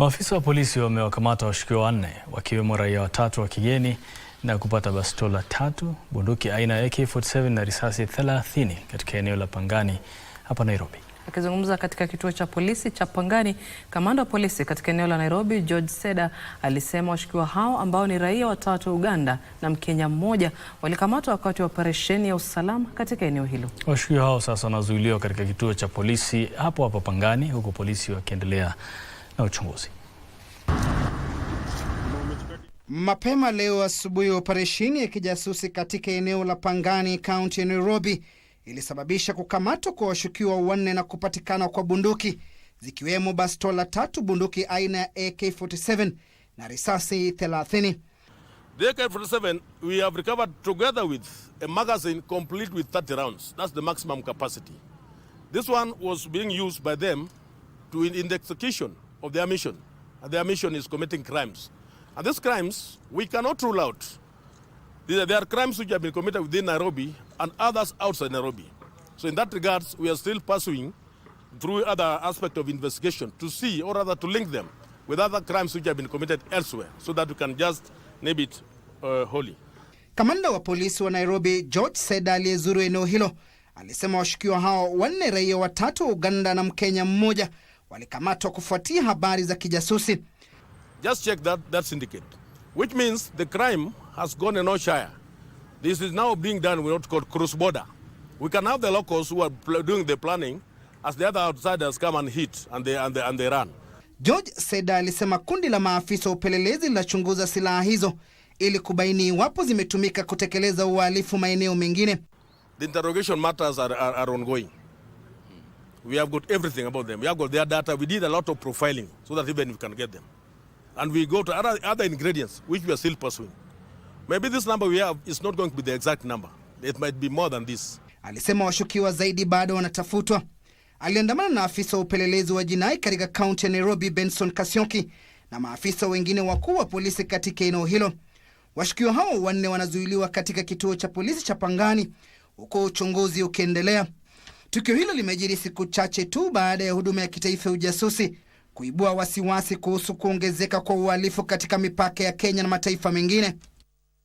Maafisa wa polisi wamewakamata washukiwa wanne wakiwemo raia watatu wa kigeni na kupata bastola tatu, bunduki aina ya AK47 na risasi 30 katika eneo la Pangani hapa Nairobi. Akizungumza katika kituo cha polisi cha Pangani, kamanda wa polisi katika eneo la Nairobi George Seda alisema washukiwa hao ambao ni raia watatu wa Uganda na Mkenya mmoja walikamatwa wakati wa operesheni ya usalama katika eneo hilo. Washukiwa hao sasa wanazuiliwa katika kituo cha polisi hapo hapo Pangani, huku polisi wakiendelea na uchunguzi. Mapema leo asubuhi, operesheni ya kijasusi katika eneo la Pangani, kaunti ya Nairobi, ilisababisha kukamatwa kwa washukiwa wanne na kupatikana kwa bunduki zikiwemo bastola tatu, bunduki aina ya AK47 na risasi 30. The AK47 we have recovered together with a magazine complete with 30 rounds. That's the maximum capacity. This one was being used by them to in the execution of their mission. And their mission is committing crimes. And these crimes, we cannot rule out. These are, There are crimes which have been committed within Nairobi and others outside Nairobi. So in that regards, we are still pursuing through other aspect of investigation to see or rather to link them with other crimes which have been committed elsewhere so that we can just name it uh, wholly. Kamanda wa polisi wa Nairobi George Seda aliyezuru eneo hilo alisema washukiwa hao wanne raia watatu wa Uganda na Mkenya mmoja walikamatwa kufuatia habari za kijasusi. Just check that, that syndicate. Which means the crime has gone no shire. This is now being done without what called cross border. We can have the locals who are doing the planning as the other outsiders come and hit and they, and they, and they run. George Seda alisema kundi la maafisa wa upelelezi linachunguza silaha hizo ili kubaini iwapo zimetumika kutekeleza uhalifu maeneo mengine. The interrogation matters are, are, are ongoing. We have got everything about them. We have got their data. We did a lot of profiling so that even we can get them. And we go to other, other ingredients which we are still pursuing. Maybe this number we have is not going to be the exact number. It might be more than this. Alisema washukiwa zaidi bado wanatafutwa. Aliandamana na afisa wa upelelezi wa jinai katika kaunti ya Nairobi, Benson Kasionki, na maafisa wengine wakuu wa polisi katika eneo hilo. Washukiwa hao wanne wanazuiliwa katika kituo cha polisi cha Pangani huko uchunguzi ukiendelea. Tukio hilo limejiri siku chache tu baada ya huduma ya kitaifa ya ujasusi kuibua wasiwasi kuhusu kuongezeka kwa uhalifu katika mipaka ya Kenya na mataifa mengine.